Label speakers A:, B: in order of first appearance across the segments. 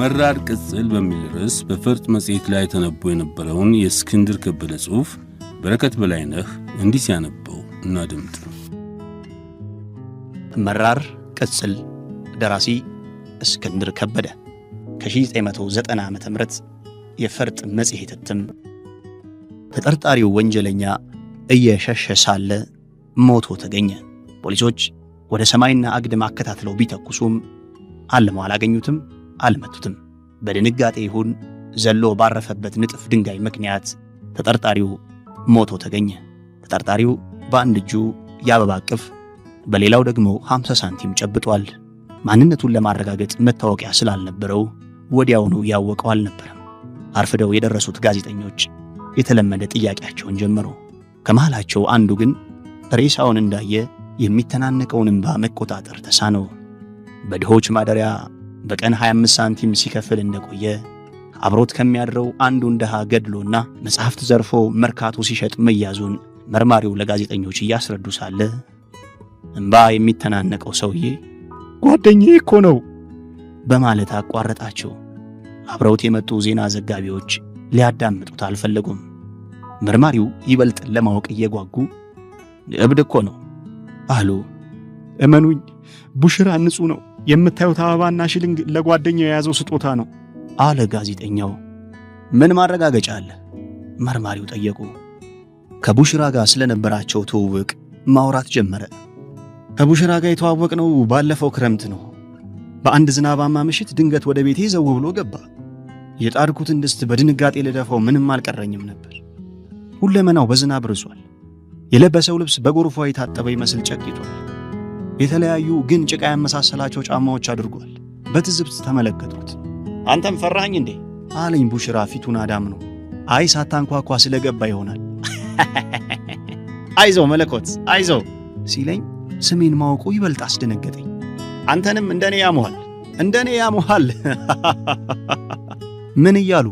A: መራር ቅጽል በሚል ርዕስ በፍርጥ መጽሔት ላይ ተነቦ የነበረውን የእስክንድር ከበደ ጽሑፍ በረከት በላይነህ እንዲህ ሲያነበው እናድምጥ።
B: መራር ቅጽል ደራሲ እስክንድር ከበደ ከ1990 ዓ ም የፈርጥ መጽሔት እትም። ተጠርጣሪው ወንጀለኛ እየሸሸ ሳለ ሞቶ ተገኘ። ፖሊሶች ወደ ሰማይና አግድም አከታትለው ቢተኩሱም አልመው አላገኙትም። አልመቱትም። በድንጋጤ ይሁን ዘሎ ባረፈበት ንጥፍ ድንጋይ ምክንያት ተጠርጣሪው ሞቶ ተገኘ። ተጠርጣሪው በአንድ እጁ የአበባ እቅፍ፣ በሌላው ደግሞ 50 ሳንቲም ጨብጧል። ማንነቱን ለማረጋገጥ መታወቂያ ስላልነበረው ወዲያውኑ ያወቀው አልነበረም። አርፍደው የደረሱት ጋዜጠኞች የተለመደ ጥያቄያቸውን ጀመሩ። ከመሃላቸው አንዱ ግን ሬሳውን እንዳየ የሚተናነቀውን እንባ መቆጣጠር ተሳነው። በድሆች ማደሪያ በቀን 25 ሳንቲም ሲከፍል እንደቆየ አብሮት ከሚያድረው አንዱን ድሃ ገድሎና መጽሐፍት ዘርፎ መርካቶ ሲሸጥ መያዙን መርማሪው ለጋዜጠኞች እያስረዱ ሳለ እምባ የሚተናነቀው ሰውዬ ጓደኛዬ እኮ ነው በማለት አቋረጣቸው። አብረውት የመጡ ዜና ዘጋቢዎች ሊያዳምጡት አልፈለጉም። መርማሪው ይበልጥ ለማወቅ እየጓጉ እብድ እኮ ነው አሉ። እመኑኝ፣ ቡሽራ ንጹህ ነው የምታዩት አበባና ሽልንግ ለጓደኛው የያዘው ስጦታ ነው አለ ጋዜጠኛው። ምን ማረጋገጫ አለ? መርማሪው ጠየቁ። ከቡሽራ ጋር ስለነበራቸው ትውውቅ ማውራት ጀመረ። ከቡሽራ ጋር የተዋወቅነው ባለፈው ክረምት ነው። በአንድ ዝናባማ ምሽት ድንገት ወደ ቤቴ ዘው ብሎ ገባ። የጣድኩትን ድስት በድንጋጤ ልደፋው ምንም አልቀረኝም ነበር። ሁለመናው በዝናብ ርሷል። የለበሰው ልብስ በጎርፏ የታጠበ ይመስል ጨቅይቷል። የተለያዩ ግን ጭቃ ያመሳሰላቸው ጫማዎች አድርጓል። በትዝብት ተመለከቱት። አንተም ፈራኝ እንዴ አለኝ ቡሽራ ፊቱን አዳም ነው። አይ ሳታንኳኳ ስለገባ ይሆናል። አይዞ መለኮት አይዞ ሲለኝ ስሜን ማወቁ ይበልጥ አስደነገጠኝ። አንተንም እንደኔ ያሙሃል እንደኔ ያሞሃል ምን እያሉ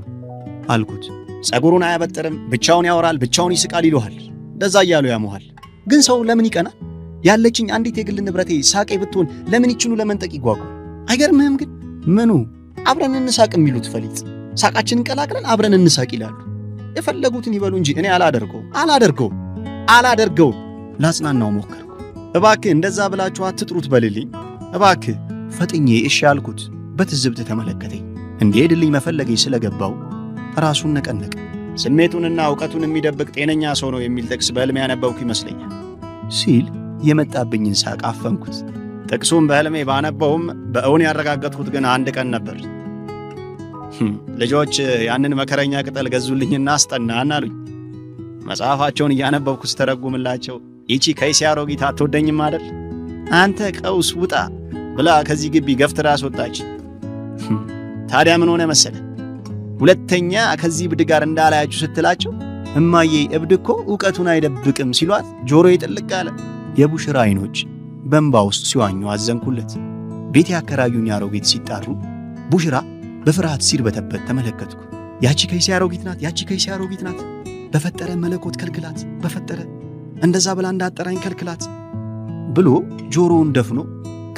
B: አልኩት። ጸጉሩን አያበጥርም፣ ብቻውን ያወራል፣ ብቻውን ይስቃል ይሉሃል። እንደዛ እያሉ ያሙሃል። ግን ሰው ለምን ይቀናል? ያለችኝ አንዲት የግል ንብረቴ ሳቄ ብትሆን ለምን ይችኑ ለመንጠቅ ይጓጓ? አይገርምህም? ግን ምኑ አብረን እንሳቅ የሚሉት ፈሊጥ ሳቃችንን ቀላቅለን አብረን እንሳቅ ይላሉ። የፈለጉትን ይበሉ እንጂ እኔ አላደርገው አላደርገው አላደርገው። ላጽናናው ሞከርኩ። እባክህ እንደዛ ብላችሁ አትጥሩት በልልኝ እባክህ። ፈጥኜ እሺ ያልኩት በትዝብት ተመለከተኝ። እንዲሄድልኝ መፈለገኝ ስለገባው ራሱን ነቀነቀ። ስሜቱንና እውቀቱን የሚደብቅ ጤነኛ ሰው ነው የሚል ጥቅስ በሕልም ያነበብኩ ይመስለኛል ሲል የመጣብኝን ሳቅ አፈንኩት። ጥቅሱም በሕልሜ ባነበውም በእውን ያረጋገጥኩት ግን አንድ ቀን ነበር። ልጆች ያንን መከረኛ ቅጠል ገዙልኝና አስጠናን አሉኝ። መጽሐፋቸውን እያነበብኩ ስተረጉምላቸው ይቺ ከይሲ አሮጊት አትወደኝም አደል? አንተ ቀውስ ውጣ ብላ ከዚህ ግቢ ገፍትራ አስወጣች። ታዲያ ምን ሆነ መሰለ? ሁለተኛ ከዚህ እብድ ጋር እንዳላያችሁ ስትላቸው እማዬ እብድ እኮ እውቀቱን አይደብቅም ሲሏት ጆሮ ጥልቅ አለ። የቡሽራ አይኖች በእንባ ውስጥ ሲዋኙ አዘንኩለት። ቤት ያከራዩኝ አሮጊት ሲጣሩ ቡሽራ በፍርሃት ሲርበተበት ተመለከትኩ። ያቺ ከይሴ አሮጊት ናት፣ ያቺ ከይሴ አሮጊት ናት። በፈጠረ መለኮት ከልክላት፣ በፈጠረ እንደዛ ብላ እንዳጠራኝ ከልክላት ብሎ ጆሮውን ደፍኖ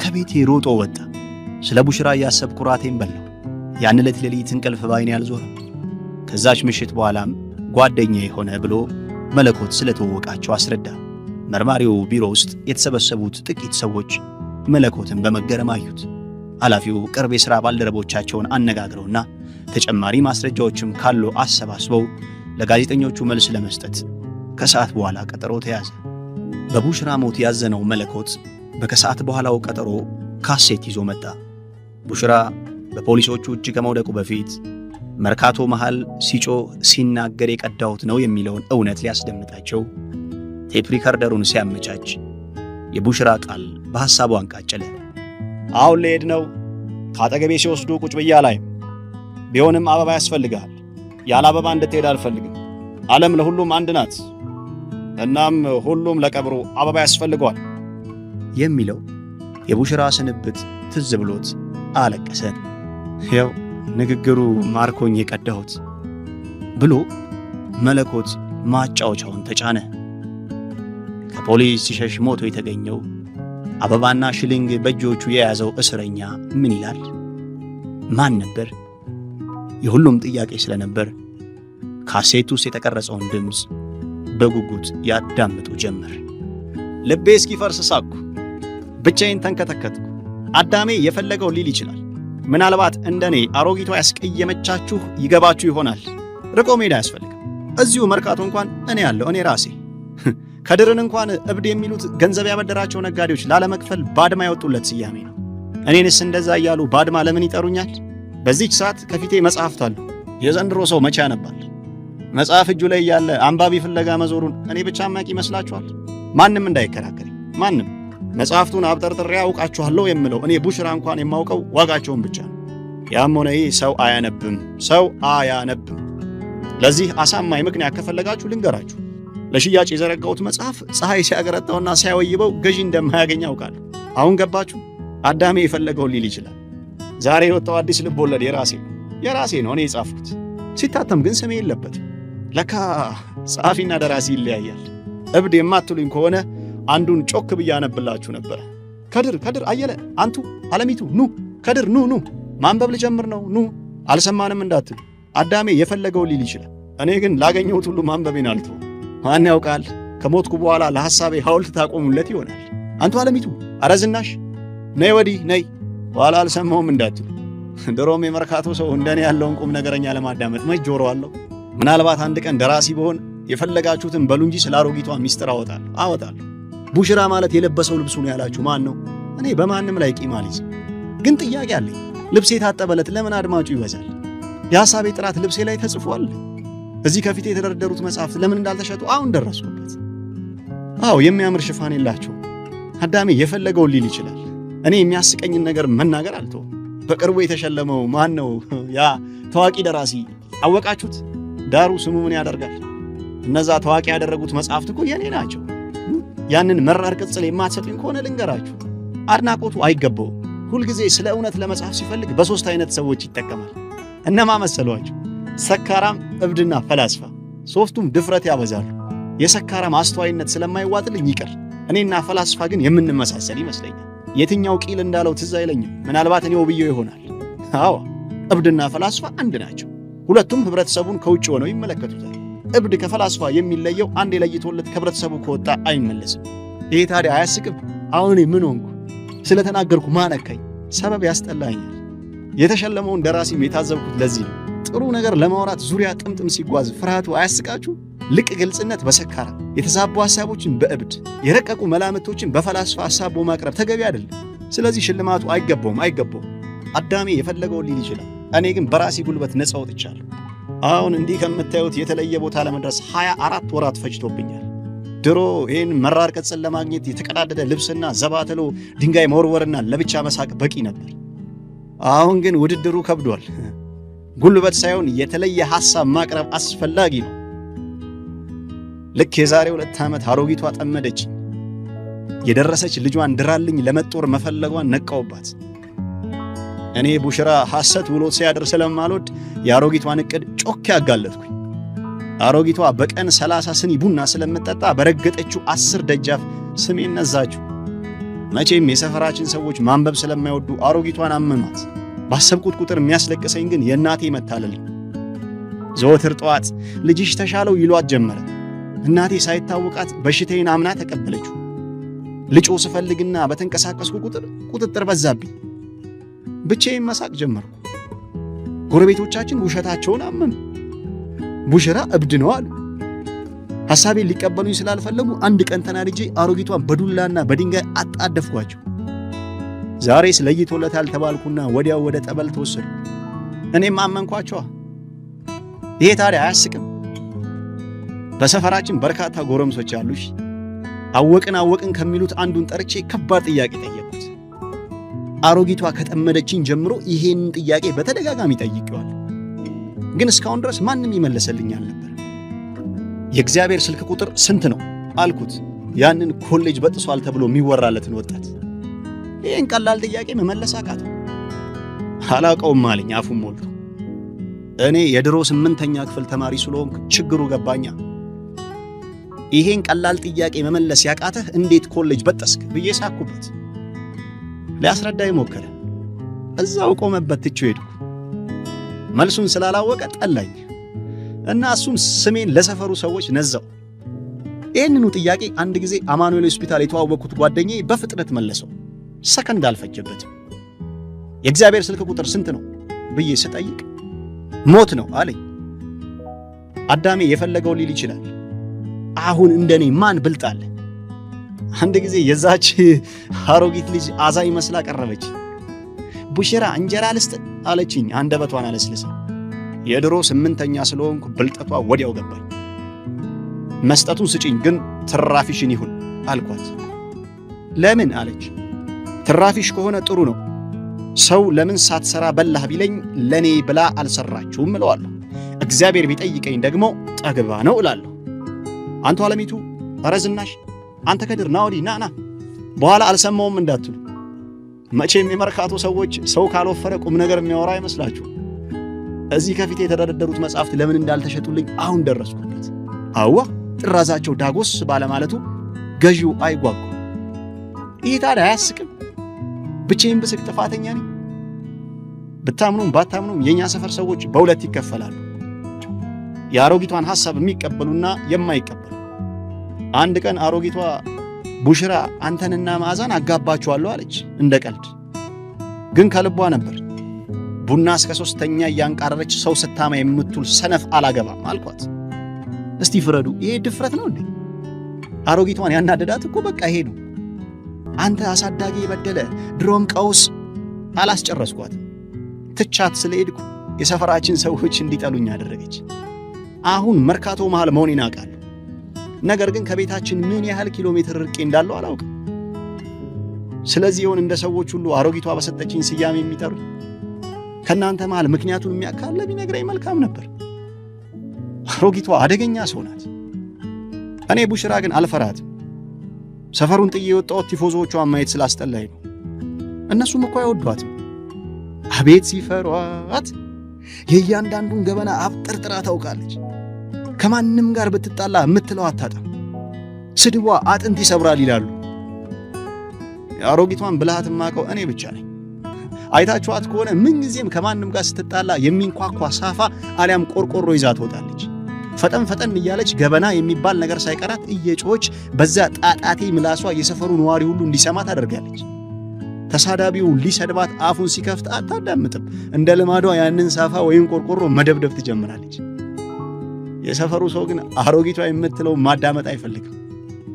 B: ከቤቴ ሮጦ ወጣ። ስለ ቡሽራ እያሰብኩ ራቴን በላው። ያን ዕለት ሌሊት እንቅልፍ ባይን ያልዞረ ከዛች ምሽት በኋላም ጓደኛ የሆነ ብሎ መለኮት ስለተወቃቸው አስረዳ። መርማሪው ቢሮ ውስጥ የተሰበሰቡት ጥቂት ሰዎች መለኮትን በመገረም አዩት። ኃላፊው ቅርብ የሥራ ባልደረቦቻቸውን አነጋግረውና ተጨማሪ ማስረጃዎችም ካሉ አሰባስበው ለጋዜጠኞቹ መልስ ለመስጠት ከሰዓት በኋላ ቀጠሮ ተያዘ። በቡሽራ ሞት ያዘነው መለኮት በከሰዓት በኋላው ቀጠሮ ካሴት ይዞ መጣ። ቡሽራ በፖሊሶቹ እጅ ከመውደቁ በፊት መርካቶ መሃል ሲጮህ ሲናገር የቀዳሁት ነው የሚለውን እውነት ሊያስደምጣቸው ቴፕ ሪከርደሩን ሲያመቻች የቡሽራ ቃል በሐሳቡ አንቃጨለ። አሁን ልሄድ ነው። ከአጠገቤ ሲወስዱ ቁጭ ብያ ላይ ቢሆንም አበባ ያስፈልግሃል። ያለ አበባ እንድትሄድ አልፈልግም። ዓለም ለሁሉም አንድ ናት። እናም ሁሉም ለቀብሩ አበባ ያስፈልገዋል የሚለው የቡሽራ ስንብት ትዝ ብሎት አለቀሰ። ያው ንግግሩ ማርኮኝ የቀዳሁት ብሎ መለኮት ማጫወቻውን ተጫነ። ከፖሊስ ሲሸሽ ሞቶ የተገኘው አበባና ሽልንግ በእጆቹ የያዘው እስረኛ ምን ይላል? ማን ነበር? የሁሉም ጥያቄ ስለነበር ካሴት ውስጥ የተቀረጸውን ድምፅ በጉጉት ያዳምጡ ጀመር። ልቤ እስኪፈርስ ሳቅኩ፣ ብቻዬን ተንከተከትኩ። አዳሜ የፈለገው ሊል ይችላል። ምናልባት እንደ እኔ አሮጊቷ ያስቀየመቻችሁ ይገባችሁ ይሆናል። ርቆ መሄድ አያስፈልግም። እዚሁ መርካቶ እንኳን እኔ ያለው እኔ ራሴ ከድርን እንኳን እብድ የሚሉት ገንዘብ ያበደራቸው ነጋዴዎች ላለመክፈል ባድማ ያወጡለት ስያሜ ነው። እኔንስ እንደዛ እያሉ ባድማ ለምን ይጠሩኛል? በዚች ሰዓት ከፊቴ መጽሐፍት አሉ። የዘንድሮ ሰው መቼ ያነባል? መጽሐፍ እጁ ላይ ያለ አንባቢ ፍለጋ መዞሩን እኔ ብቻ ማቂ ይመስላችኋል? ማንም እንዳይከራከር፣ ማንም መጽሐፍቱን አብጠርጥሬ አውቃችኋለሁ የምለው እኔ ቡሽራ እንኳን የማውቀው ዋጋቸውን ብቻ ነው። ያም ሆነ ይህ ሰው አያነብም፣ ሰው አያነብም። ለዚህ አሳማኝ ምክንያት ከፈለጋችሁ ልንገራችሁ። ለሽያጭ የዘረጋሁት መጽሐፍ ፀሐይ ሲያገረጣውና ሲያወይበው ገዢ እንደማያገኝ አውቃለሁ። አሁን ገባችሁ? አዳሜ የፈለገውን ሊል ይችላል። ዛሬ የወጣው አዲስ ልብ ወለድ የራሴ የራሴ ነው እኔ የጻፍኩት። ሲታተም ግን ስሜ የለበትም። ለካ ጸሐፊና ደራሲ ይለያያል። እብድ የማትሉኝ ከሆነ አንዱን ጮክ ብዬ አነብላችሁ ነበር። ከድር ከድር አየለ፣ አንቱ አለሚቱ፣ ኑ ከድር ኑ ኑ፣ ማንበብ ልጀምር ነው ኑ፣ አልሰማንም እንዳትሉ። አዳሜ የፈለገው ሊል ይችላል። እኔ ግን ላገኘሁት ሁሉ ማንበቤን አልተውም። ማን ያውቃል ከሞትኩ በኋላ ለሐሳቤ ሐውልት ታቆሙለት ይሆናል። አንቱ አለሚቱ፣ አረዝናሽ? ነይ ወዲህ ነይ። ኋላ አልሰማውም እንዳትሉ። ድሮም የመርካቶ ሰው እንደኔ ያለውን ቁም ነገረኛ ለማዳመጥ መች ጆሮ አለው? ምናልባት አንድ ቀን ደራሲ በሆን የፈለጋችሁትን በሉ እንጂ ስለ አሮጊቷ ሚስጥር አወጣለሁ ቡሽራ ማለት የለበሰው ልብሱ ነው ያላችሁ ማን ነው? እኔ በማንም ላይ ቂም አልይዝም። ግን ጥያቄ አለኝ። ልብሴ የታጠበለት ለምን አድማጩ ይበዛል? የሐሳቤ ጥራት ልብሴ ላይ ተጽፏል። እዚህ ከፊት የተደረደሩት መጽሐፍት ለምን እንዳልተሸጡ አሁን ደረስኩበት። አዎ የሚያምር ሽፋን የላቸው። አዳሜ የፈለገውን ሊል ይችላል። እኔ የሚያስቀኝን ነገር መናገር አልቶ በቅርቡ የተሸለመው ማን ነው? ያ ታዋቂ ደራሲ አወቃችሁት? ዳሩ ስሙ ምን ያደርጋል። እነዛ ታዋቂ ያደረጉት መጽሐፍት እኮ የኔ ናቸው። ያንን መራር ቅጽል የማትሰጡኝ ከሆነ ልንገራችሁ፣ አድናቆቱ አይገባውም። ሁልጊዜ ስለ እውነት ለመጽሐፍ ሲፈልግ በሦስት አይነት ሰዎች ይጠቀማል። እነማ መሰሏቸው? ሰካራም እብድና ፈላስፋ ሶስቱም ድፍረት ያበዛሉ። የሰካራም አስተዋይነት ስለማይዋጥልኝ ይቅር፣ እኔና ፈላስፋ ግን የምንመሳሰል ይመስለኛል። የትኛው ቂል እንዳለው ትዝ አይለኝም። ምናልባት እኔ ውብዬ ይሆናል። አዎ እብድና ፈላስፋ አንድ ናቸው። ሁለቱም ህብረተሰቡን ከውጭ ሆነው ይመለከቱታል። እብድ ከፈላስፋ የሚለየው አንድ የለይቶለት ከህብረተሰቡ ከወጣ አይመለስም። ይሄ ታዲያ አያስቅም? አሁን እኔ ምን ሆንኩ? ስለተናገርኩ ማነካኝ? ሰበብ ያስጠላኛል። የተሸለመውን ደራሲም የታዘብኩት ለዚህ ነው። ጥሩ ነገር ለማውራት ዙሪያ ጥምጥም ሲጓዝ ፍርሃቱ አያስቃችሁ? ልቅ ግልጽነት በሰካራ የተዛቡ ሐሳቦችን በእብድ የረቀቁ መላምቶችን በፈላስፋ ሐሳቦ ማቅረብ ተገቢ አይደለም። ስለዚህ ሽልማቱ አይገባውም አይገባውም። አዳሜ የፈለገውን ሊል ይችላል። እኔ ግን በራሴ ጉልበት ነጻ ወጥቻለሁ። አሁን እንዲህ ከምታዩት የተለየ ቦታ ለመድረስ 24 ወራት ፈጅቶብኛል። ድሮ ይህን መራር ቅጽን ለማግኘት የተቀዳደደ ልብስና ዘባትሎ ድንጋይ መወርወርና ለብቻ መሳቅ በቂ ነበር። አሁን ግን ውድድሩ ከብዷል። ጉልበት ሳይሆን የተለየ ሐሳብ ማቅረብ አስፈላጊ ነው። ልክ የዛሬ ሁለት ዓመት አሮጊቷ ጠመደች። የደረሰች ልጇን ድራልኝ ለመጦር መፈለጓን ነቃውባት። እኔ ቡሽራ ሐሰት ውሎት ሲያድር ስለማልወድ የአሮጊቷን እቅድ ጮክ ያጋለጥኩኝ። አሮጊቷ በቀን ሰላሳ ስኒ ቡና ስለምጠጣ በረገጠችው አስር ደጃፍ ስሜን ነዛችሁ። መቼም የሰፈራችን ሰዎች ማንበብ ስለማይወዱ አሮጊቷን አመኗት። ባሰብኩት ቁጥር የሚያስለቅሰኝ ግን የእናቴ መታለል። ዘወትር ጠዋት ልጅሽ ተሻለው ይሏት ጀመረ። እናቴ ሳይታወቃት በሽታዬን አምና ተቀበለችው። ልጮ ስፈልግና በተንቀሳቀስኩ ቁጥር ቁጥጥር በዛብኝ። ብቻዬን መሳቅ ጀመርኩ። ጎረቤቶቻችን ውሸታቸውን አመኑ። ቡሽራ እብድ ነው አሉ። ሐሳቤን ሊቀበሉኝ ስላልፈለጉ አንድ ቀን ተናድጄ አሮጊቷን በዱላና በድንጋይ አጣደፍኳቸው። ዛሬስ ለይቶለታል ተባልኩና ወዲያው ወደ ጠበል ተወሰዱ። እኔም አመንኳቸዋ። ይሄ ታዲያ አያስቅም? በሰፈራችን በርካታ ጎረምሶች አሉሽ። አወቅን አወቅን ከሚሉት አንዱን ጠርቼ ከባድ ጥያቄ ጠየቁት። አሮጊቷ ከጠመደችኝ ጀምሮ ይሄንን ጥያቄ በተደጋጋሚ ጠይቄዋል፣ ግን እስካሁን ድረስ ማንም ይመለሰልኝ አልነበር። የእግዚአብሔር ስልክ ቁጥር ስንት ነው አልኩት። ያንን ኮሌጅ በጥሷል ተብሎ የሚወራለትን ወጣት ይህን ቀላል ጥያቄ መመለስ አቃተው። አላውቀውም አለኝ አፉን ሞልቶ። እኔ የድሮ ስምንተኛ ክፍል ተማሪ ስለሆንክ ችግሩ ገባኛ። ይሄን ቀላል ጥያቄ መመለስ ያቃተህ እንዴት ኮሌጅ በጠስክ ብዬ ሳኩበት። ሊያስረዳኝ ሞከረ። እዛው ቆመበት ትቼው ሄድኩ። መልሱን ስላላወቀ ጠላኝ እና እሱም ስሜን ለሰፈሩ ሰዎች ነዛው። ይህንኑ ጥያቄ አንድ ጊዜ አማኑኤል ሆስፒታል የተዋወቅኩት ጓደኛዬ በፍጥነት መለሰው። ሰከንድ አልፈጀበትም። የእግዚአብሔር ስልክ ቁጥር ስንት ነው ብዬ ስጠይቅ ሞት ነው አለኝ። አዳሜ የፈለገው ሊል ይችላል። አሁን እንደኔ ማን ብልጣለ? አንድ ጊዜ የዛች አሮጊት ልጅ አዛኝ መስላ ቀረበች። ቡሽራ እንጀራ ልስጥ አለችኝ፣ አንደበቷን አለስልሳ። የድሮ ስምንተኛ ስለሆንኩ ብልጠቷ ወዲያው ገባኝ። መስጠቱን ስጪኝ፣ ግን ትራፊሽን ይሁን አልኳት። ለምን አለች። ትራፊሽ ከሆነ ጥሩ ነው። ሰው ለምን ሳትሰራ በላህ ቢለኝ ለኔ ብላ አልሰራችሁም እለዋለሁ። እግዚአብሔር ቢጠይቀኝ ደግሞ ጠግባ ነው እላለሁ። አንቱ አለሚቱ፣ ረዝናሽ አንተ ከድር ናውዲ ናና ና በኋላ አልሰማውም እንዳትሉ። መቼም የመርካቶ ሰዎች ሰው ካልወፈረ ቁም ነገር የሚያወራ አይመስላችሁ። እዚህ ከፊት የተደረደሩት መጽሐፍት ለምን እንዳልተሸጡልኝ አሁን ደረስኩበት። አዋ ጥራዛቸው ዳጎስ ባለማለቱ ገዢው አይጓጉ። ይህ ታዲያ አያስቅም? ብቻዬን ብስቅ ጥፋተኛ ነኝ? ብታምኑም ባታምኑም የኛ ሰፈር ሰዎች በሁለት ይከፈላሉ። የአሮጊቷን ሐሳብ የሚቀበሉና የማይቀበሉ። አንድ ቀን አሮጊቷ ቡሽራ አንተንና መዓዛን አጋባችኋለሁ አለች እንደ ቀልድ፣ ግን ከልቧ ነበር። ቡና እስከ ሶስተኛ እያንቃረረች ሰው ስታማ የምትውል ሰነፍ አላገባም አልኳት። እስቲ ፍረዱ፣ ይሄ ድፍረት ነው እንዴ? አሮጊቷን ያናደዳት እኮ በቃ ይሄ ነው። አንተ አሳዳጊ የበደለ ድሮም ቀውስ አላስጨረስኳት። ትቻት ስለሄድኩ የሰፈራችን ሰዎች እንዲጠሉኝ አደረገች። አሁን መርካቶ መሃል መሆን አውቃለሁ። ነገር ግን ከቤታችን ምን ያህል ኪሎ ሜትር ርቄ እንዳለው አላውቅም። ስለዚህ ይሆን እንደ ሰዎች ሁሉ አሮጊቷ በሰጠችኝ ስያሜ የሚጠሩ ከእናንተ መሃል ምክንያቱን የሚያካለ ቢነግረኝ መልካም ነበር። አሮጊቷ አደገኛ ሰው ናት። እኔ ቡሽራ ግን አልፈራትም። ሰፈሩን ጥዬ የወጣሁት ቲፎዞዎቿን ማየት ስላስጠላኝ ነው። እነሱም እኮ አይወዷትም። አቤት ሲፈሯት! የእያንዳንዱን ገበና አብጠርጥራ ታውቃለች። ከማንም ጋር ብትጣላ የምትለው አታጣም። ስድቧ አጥንት ይሰብራል ይላሉ። የአሮጊቷን ብልሃት ማቀው እኔ ብቻ ነኝ። አይታችኋት ከሆነ ምንጊዜም ከማንም ጋር ስትጣላ የሚንኳኳ ሳፋ አሊያም ቆርቆሮ ይዛ ትወጣለች። ፈጠን ፈጠን እያለች ገበና የሚባል ነገር ሳይቀራት እየጮች በዛ ጣጣቴ ምላሷ የሰፈሩ ነዋሪ ሁሉ እንዲሰማ ታደርጋለች። ተሳዳቢው ሊሰድባት አፉን ሲከፍት አታዳምጥም። እንደ ልማዷ ያንን ሳፋ ወይም ቆርቆሮ መደብደብ ትጀምራለች። የሰፈሩ ሰው ግን አሮጊቷ የምትለው ማዳመጥ አይፈልግም።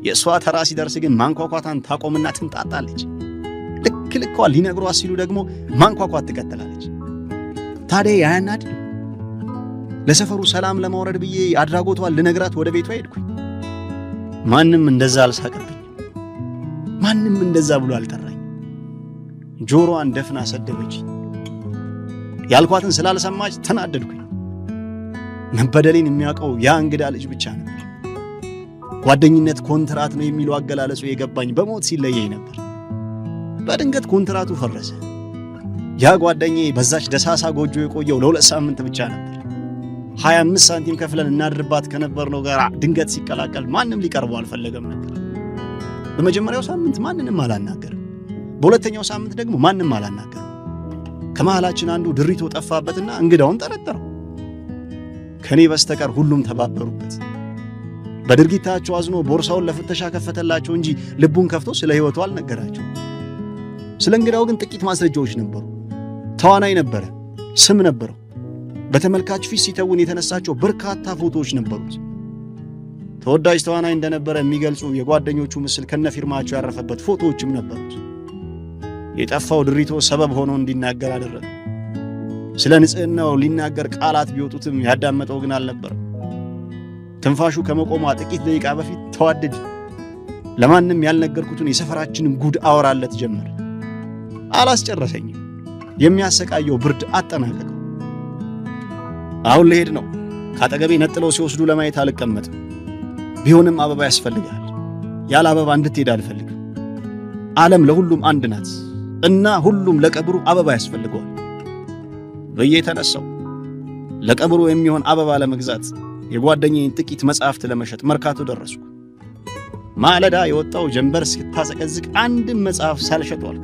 B: የእሷ ተራ ሲደርስ ግን ማንኳኳታን ታቆምና ትንጣጣለች። ልክ ልኳ ሊነግሯት ሲሉ ደግሞ ማንኳኳት ትቀጥላለች። ታዲያ ያናድ ለሰፈሩ ሰላም ለማውረድ ብዬ አድራጎቷን ልነግራት ወደ ቤቷ ሄድኩኝ። ማንም እንደዛ አልሳቀብኝ። ማንም እንደዛ ብሎ አልጠራኝ። ጆሮዋን ደፍና ሰደበች። ያልኳትን ስላልሰማች ተናደድኩኝ። መበደሌን የሚያውቀው ያ እንግዳ ልጅ ብቻ ነበር። ጓደኝነት ኮንትራት ነው የሚለው አገላለጹ የገባኝ በሞት ሲለየኝ ነበር። በድንገት ኮንትራቱ ፈረሰ። ያ ጓደኛዬ በዛች ደሳሳ ጎጆ የቆየው ለሁለት ሳምንት ብቻ ነበር። 25 ሳንቲም ከፍለን እናድርባት ከነበርነው ጋር ድንገት ሲቀላቀል ማንም ሊቀርበው አልፈለገም ነበር። በመጀመሪያው ሳምንት ማንንም አላናገርም። በሁለተኛው ሳምንት ደግሞ ማንም አላናገርም። ከመሃላችን አንዱ ድሪቶ ጠፋበትና እንግዳውን ጠረጠረው። ከእኔ በስተቀር ሁሉም ተባበሩበት። በድርጊታቸው አዝኖ ቦርሳውን ለፍተሻ ከፈተላቸው እንጂ ልቡን ከፍቶ ስለ ሕይወቱ አልነገራቸው። ስለ እንግዳው ግን ጥቂት ማስረጃዎች ነበሩ። ተዋናይ ነበረ፣ ስም ነበረው፣ በተመልካች ፊት ሲተውን የተነሳቸው በርካታ ፎቶዎች ነበሩት። ተወዳጅ ተዋናይ እንደነበረ የሚገልጹ የጓደኞቹ ምስል ከነፊርማቸው ያረፈበት ፎቶዎችም ነበሩት። የጠፋው ድሪቶ ሰበብ ሆኖ እንዲናገር አደረገ። ስለ ንጽህናው ሊናገር ቃላት ቢወጡትም ያዳመጠው ግን አልነበረም። ትንፋሹ ከመቆሟ ጥቂት ደቂቃ በፊት ተዋደድ ለማንም ያልነገርኩትን የሰፈራችንን ጉድ አወራለት ጀመር። አላስጨረሰኝም። የሚያሰቃየው ብርድ አጠናቀቀ። አሁን ልሄድ ነው። ከአጠገቤ ነጥለው ሲወስዱ ለማየት አልቀመጥም። ቢሆንም አበባ ያስፈልጋል። ያለ አበባ እንድትሄድ አልፈልግም። ዓለም ለሁሉም አንድ ናት እና ሁሉም ለቀብሩ አበባ ያስፈልገዋል ብዬ ተነሳው። ለቀብሩ የሚሆን አበባ ለመግዛት የጓደኛዬን ጥቂት መጽሐፍት ለመሸጥ መርካቶ ደረስኩ። ማለዳ የወጣው ጀንበር ስታዘቀዝቅ አንድም መጽሐፍ ሳልሸጧል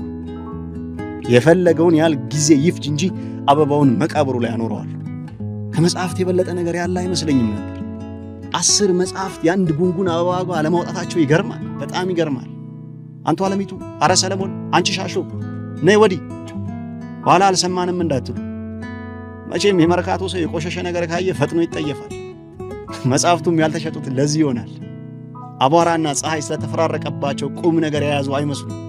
B: የፈለገውን ያህል ጊዜ ይፍጅ እንጂ አበባውን መቃብሩ ላይ አኖረዋል። ከመጽሐፍት የበለጠ ነገር ያለ አይመስለኝም ነበር። አስር መጽሐፍት የአንድ ጉንጉን አበባ አለማውጣታቸው ይገርማል፣ በጣም ይገርማል። አንቱ አለሚቱ፣ አረ ሰለሞን፣ አንቺ ሻሾ፣ ነይ ወዲህ ኋላ አልሰማንም እንዳትሉ። መቼም የመርካቶ ሰው የቆሸሸ ነገር ካየ ፈጥኖ ይጠየፋል። መጽሐፍቱም ያልተሸጡት ለዚህ ይሆናል። አቧራና ፀሐይ ስለተፈራረቀባቸው ቁም ነገር የያዙ አይመስሉም።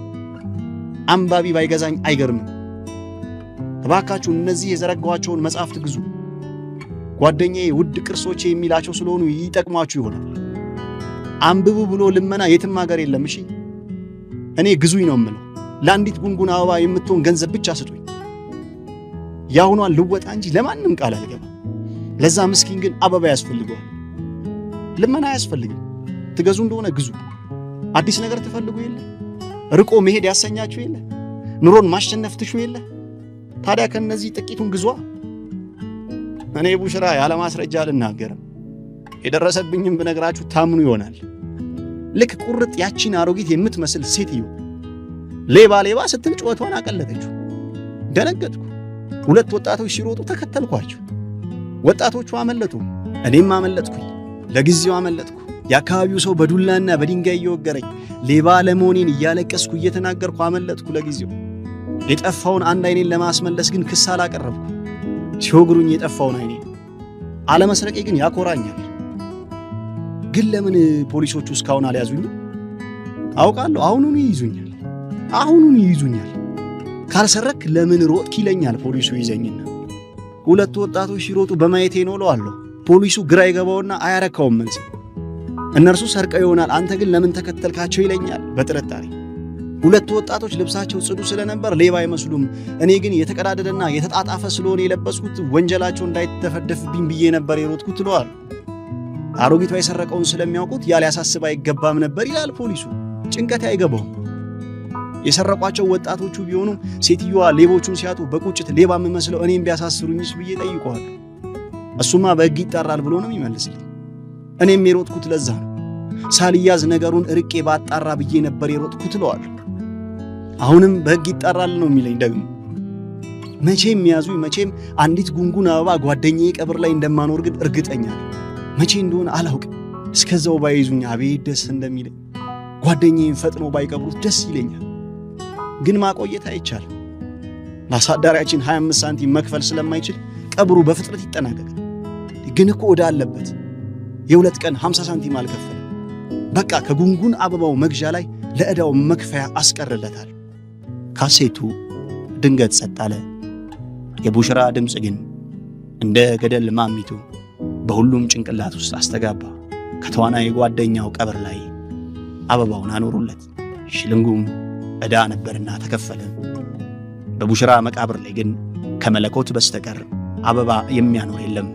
B: አንባቢ ባይገዛኝ አይገርምም። እባካችሁ እነዚህ የዘረጋኋቸውን መጽሐፍት ግዙ። ጓደኛዬ ውድ ቅርሶቼ የሚላቸው ስለሆኑ ይጠቅሟችሁ ይሆናል። አንብቡ ብሎ ልመና የትም ሀገር የለም። እሺ እኔ ግዙኝ ነው የምለው። ለአንዲት ጉንጉን አበባ የምትሆን ገንዘብ ብቻ ስጡኝ። የአሁኗን ልወጣ እንጂ ለማንም ቃል አልገባ። ለዛ ምስኪን ግን አበባ ያስፈልገዋል። ልመና አያስፈልግም። ትገዙ እንደሆነ ግዙ። አዲስ ነገር ትፈልጉ የለ ርቆ መሄድ ያሰኛችሁ የለ ኑሮን ማሸነፍ ትሹ የለ ታዲያ ከነዚህ ጥቂቱን ግዟ። እኔ ቡሽራ ያለማስረጃ አልናገርም። የደረሰብኝም ብነግራችሁ ታምኑ ይሆናል። ልክ ቁርጥ ያቺን አሮጊት የምትመስል ሴትዮ ሌባ ሌባ ስትል ጩኸቷን አቀለጠችው። ደነገጥኩ። ሁለት ወጣቶች ሲሮጡ ተከተልኳቸው። ወጣቶቹ አመለጡ፣ እኔም አመለጥኩኝ። ለጊዜው አመለጥኩ። የአካባቢው ሰው በዱላና በድንጋይ እየወገረኝ ሌባ ለመሆኔን እያለቀስኩ እየተናገርኩ አመለጥኩ ለጊዜው። የጠፋውን አንድ አይኔን ለማስመለስ ግን ክስ አላቀረብኩ። ሲወግሩኝ የጠፋውን አይኔ አለመስረቄ ግን ያኮራኛል። ግን ለምን ፖሊሶቹ እስካሁን አልያዙኝም? አውቃለሁ። አሁኑኑ ይይዙኛል፣ አሁኑኑ ይይዙኛል። ካልሰረክ ለምን ሮጥክ ይለኛል ፖሊሱ ይዘኝና ሁለቱ ወጣቶች ሲሮጡ በማየቴ ነው እለዋለሁ። ፖሊሱ ግራ ይገባውና አያረካውም መልስ። እነርሱ ሰርቀው ይሆናል አንተ ግን ለምን ተከተልካቸው ይለኛል በጥርጣሬ ሁለቱ ወጣቶች ልብሳቸው ጽዱ ስለነበር ሌባ አይመስሉም። እኔ ግን የተቀዳደደና የተጣጣፈ ስለሆነ የለበስኩት ወንጀላቸው እንዳይተፈደፍብኝ ብዬ ነበር የሮጥኩት ትለዋል። አሮጊቷ የሰረቀውን ስለሚያውቁት ሊያሳስብ አይገባም ነበር ይላል ፖሊሱ። ጭንቀት አይገባውም። የሰረቋቸው ወጣቶቹ ቢሆኑም ሴትዮዋ ሌቦቹን ሲያጡ በቁጭት ሌባ የምመስለው እኔም ቢያሳስሩኝስ ብዬ ጠይቀዋል። እሱማ በሕግ ይጣራል ብሎ ነው ይመልስልኝ። እኔም የሮጥኩት ለዛ ነው። ሳልያዝ ነገሩን እርቄ ባጣራ ብዬ ነበር የሮጥኩት ለዋል። አሁንም በህግ ይጣራል ነው የሚለኝ። ደግሞ መቼም ያዙኝ፣ መቼም አንዲት ጉንጉን አበባ ጓደኛዬ ቀብር ላይ እንደማኖር ግን እርግጠኛ ነኝ። መቼ እንደሆነ አላውቅም። እስከዛው ባይዙኝ አቤት ደስ እንደሚለኝ ጓደኛዬን ፈጥኖ ባይቀብሩት ደስ ይለኛል። ግን ማቆየት አይቻልም። ለአሳዳሪያችን 25 ሳንቲም መክፈል ስለማይችል ቀብሩ በፍጥነት ይጠናቀቃል። ግን እኮ ወደ አለበት። የሁለት ቀን 50 ሳንቲም አልከፈለም። በቃ ከጉንጉን አበባው መግዣ ላይ ለዕዳው መክፈያ አስቀርለታል። ካሴቱ ድንገት ጸጥ አለ። የቡሽራ ድምፅ ግን እንደ ገደል ማሚቱ በሁሉም ጭንቅላት ውስጥ አስተጋባ። ከተዋናይ ጓደኛው ቀብር ላይ አበባውን አኖሩለት። ሽልንጉም ዕዳ ነበርና ተከፈለ። በቡሽራ መቃብር ላይ ግን ከመለኮት በስተቀር አበባ የሚያኖር የለም።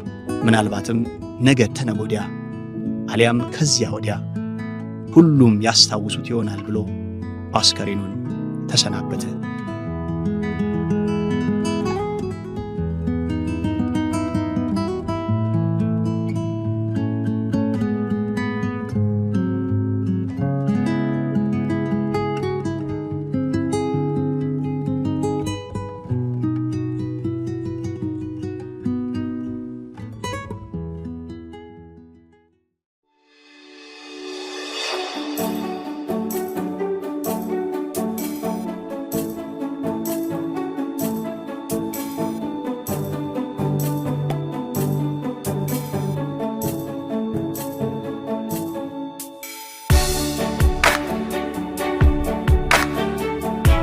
B: ምናልባትም ነገ ተነጎዲያ አሊያም ከዚያ ወዲያ ሁሉም ያስታውሱት ይሆናል ብሎ አስከሬኑን ተሰናበተ።